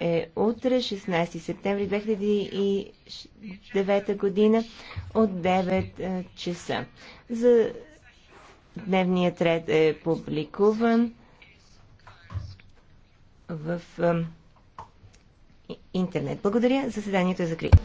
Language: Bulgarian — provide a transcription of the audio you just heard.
е утре, 16 септември 2009 година от 9 е, часа. За дневният ред е публикуван в е, интернет. Благодаря. Заседанието е закрито.